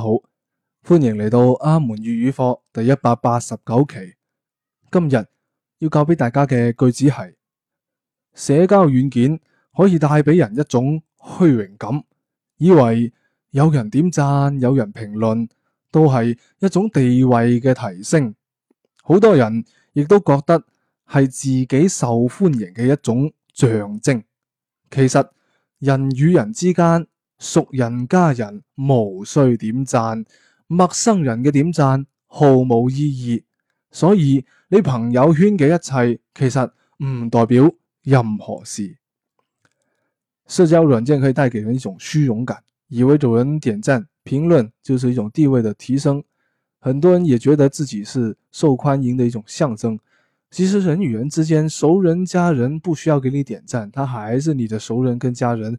好，歡迎嚟到阿門粵語課第一百八十九期。今日要教俾大家嘅句子係：社交軟件可以帶俾人一種虛榮感，以為有人點讚、有人評論都係一種地位嘅提升。好多人亦都覺得係自己受歡迎嘅一種象徵。其實人與人之間。熟人家人無需點讚，陌生人嘅點讚毫無意義。所以你朋友圈嘅一切其實唔代表任何事。社交軟件可以帶給人一種虛榮感，以為有人點讚評論就是一種地位的提升。很多人也覺得自己是受歡迎的一種象徵。其實人與人之間，熟人家人不需要給你點讚，他還是你的熟人跟家人。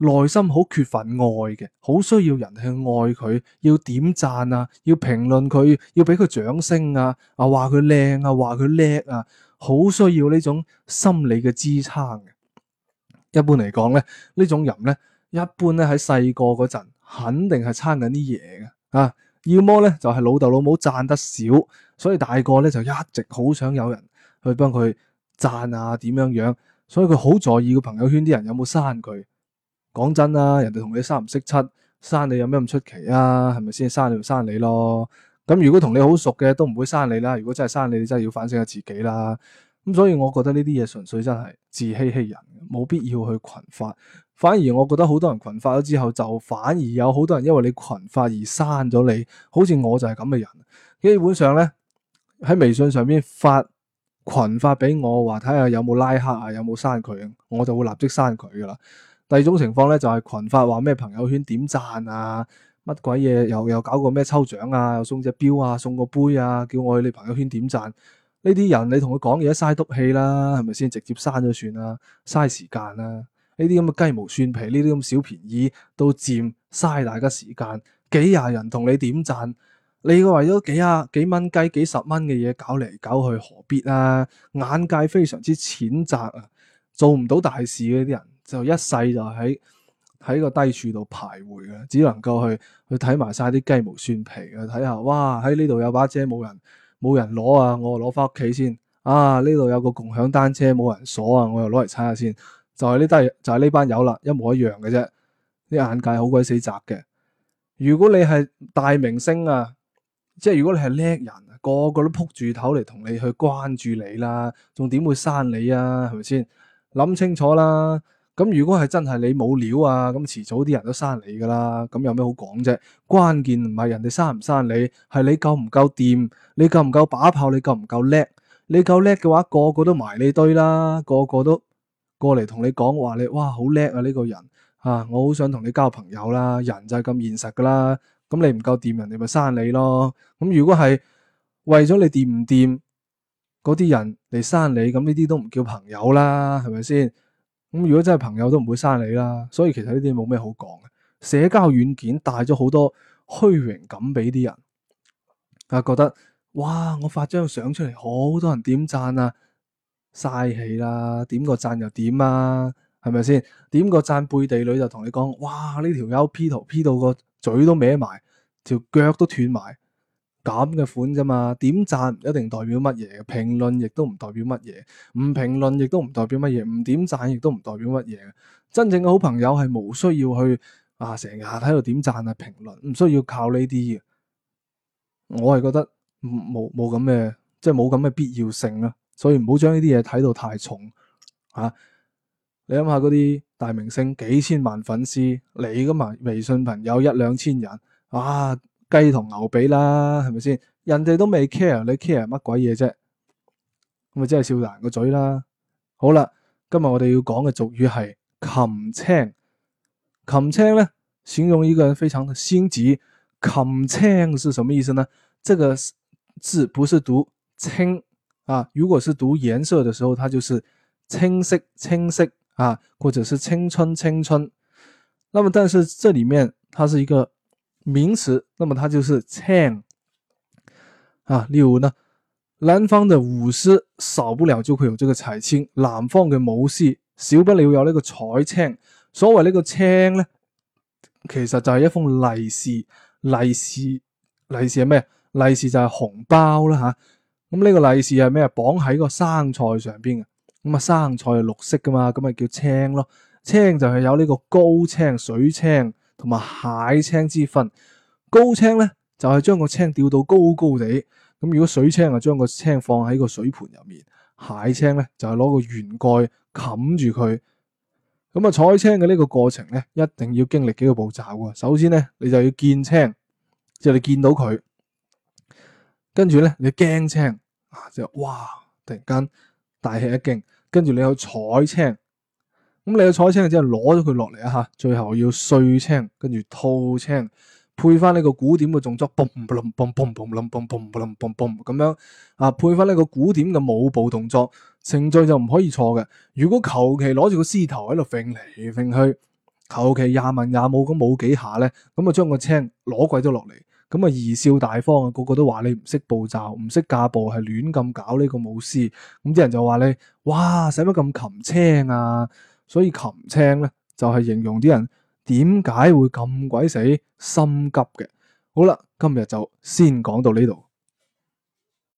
內心好缺乏愛嘅，好需要人去愛佢，要點讚啊，要評論佢，要俾佢掌聲啊，啊話佢靚啊，話佢叻啊，好需要呢種心理嘅支撐嘅。一般嚟講咧，呢種人咧，一般咧喺細個嗰陣，肯定係撐緊啲嘢嘅啊，要麼咧就係、是、老豆老母讚得少，所以大個咧就一直好想有人去幫佢讚啊，點樣樣，所以佢好在意個朋友圈啲人有冇刪佢。講真啊，人哋同你三唔識七，刪你有咩咁出奇啊？係咪先？刪你咪刪你咯。咁如果同你好熟嘅都唔會刪你啦。如果真係刪你，你真係要反省下自己啦。咁所以我覺得呢啲嘢純粹真係自欺欺人，冇必要去群發。反而我覺得好多人群發咗之後，就反而有好多人因為你群發而刪咗你。好似我就係咁嘅人，基本上咧喺微信上面發群發俾我，話睇下有冇拉黑啊，有冇刪佢，我就會立即刪佢噶啦。第二種情況咧，就係群發話咩朋友圈點讚啊，乜鬼嘢，又又搞個咩抽獎啊，又送隻錶啊，送個杯啊，叫我去你朋友圈點讚。呢啲人你同佢講嘢嘥督氣啦，係咪先？直接刪咗算啦，啊，嘥時間啦，啊。呢啲咁嘅雞毛蒜皮，呢啲咁小便宜，都占嘥大家時間。幾廿人同你點讚，你個為咗幾啊幾蚊雞、幾十蚊嘅嘢搞嚟搞去，何必啊？眼界非常之淺窄啊，做唔到大事嘅啲人。就一世就喺喺個低處度徘徊嘅，只能夠去去睇埋晒啲雞毛蒜皮，去睇下哇，喺呢度有把遮冇人冇人攞啊，我攞翻屋企先。啊，呢度有個共享單車冇人鎖啊，我又攞嚟踩下先。就係呢低就係呢班友啦，一模一樣嘅啫。啲眼界好鬼死窄嘅。如果你係大明星啊，即係如果你係叻人，啊，個個都撲住頭嚟同你去關注你啦，啊，仲點會刪你啊？係咪先？諗清楚啦。咁如果係真係你冇料啊，咁遲早啲人都刪你噶啦，咁有咩好講啫？關鍵唔係人哋刪唔刪你，係你夠唔夠掂，你夠唔夠把炮，你夠唔夠叻？你夠叻嘅話，個個都埋你堆啦，個個都過嚟同你講話你，哇，好叻啊呢個人，啊，我好想同你交朋友啦。人就係咁現實噶啦，咁你唔夠掂，人哋咪刪你咯。咁如果係為咗你掂唔掂嗰啲人嚟刪你，咁呢啲都唔叫朋友啦，係咪先？咁如果真係朋友都唔會刪你啦，所以其實呢啲冇咩好講嘅。社交軟件帶咗好多虛榮感俾啲人，啊覺得哇，我發張相出嚟，好多人點讚啊，嘥氣啦，點個讚又點啊，係咪先？點個讚背地裏就同你講，哇呢條友 P 圖 P 到個嘴都歪埋，條腳都斷埋。咁嘅款啫嘛，點讚唔一定代表乜嘢，評論亦都唔代表乜嘢，唔評論亦都唔代表乜嘢，唔點讚亦都唔代表乜嘢。真正嘅好朋友係冇需要去啊，成日喺度點讚啊評論，唔需要靠呢啲嘢。我係覺得冇冇咁嘅，即係冇咁嘅必要性啦。所以唔好將呢啲嘢睇到太重啊。你諗下嗰啲大明星幾千萬粉絲，你噶嘛微信朋友一兩千人啊。雞同牛髀啦，係咪先？人哋都未 care，你 care 乜鬼嘢啫？咁咪即係笑爛個嘴啦。好啦，今日我哋要講嘅俗語係擒青。擒青咧，形容一個人非常的鮮指。擒青係什麼意思呢？這個字不是讀青啊，如果是讀顏色嘅時候，它就是青色、青色啊，或者是青春、青春。那麼，但是這裡面它是一個名詞，那麼它就是青啊。例如呢，南方嘅舞獅少不了就會用這有這個彩青。南方嘅舞獅少不了有呢個彩青。所謂呢個青咧，其實就係一封利是。利是，利是係咩？利是就係紅包啦，吓。咁、啊、呢、嗯呢個利是係咩？綁喺個生菜上邊嘅。咁、嗯、啊，生菜係綠色噶嘛，咁咪叫青咯。青就係有呢個高青、水青。同埋蟹青之分，高青咧就係將個青吊到高高地，咁如果水青啊就將個青放喺個水盆入面，蟹青咧就係、是、攞個圓蓋冚住佢。咁啊採青嘅呢個過程咧，一定要經歷幾個步驟嘅。首先咧，你就要見青，即係你見到佢，跟住咧你驚青啊，即、就、係、是、哇，突然間大吃一驚，跟住你去採青。咁你個彩青之後攞咗佢落嚟啊吓，最後要碎青，跟住吐青，配翻呢個古典嘅動作，嘣嘣咁樣啊，配翻呢個古典嘅舞步動作，程序就唔可以錯嘅。如果求其攞住個獅頭喺度揈嚟揈去，求其廿文廿武咁舞幾下咧，咁啊將個青攞鬼咗落嚟，咁啊貽笑大方啊，個個都話你唔識步驟，唔識架步，係亂咁搞呢個舞獅。咁啲人就話你，哇，使乜咁擒青啊？所以擒青咧，就係形容啲人點解會咁鬼死心急嘅。好啦，今日就先講到呢度。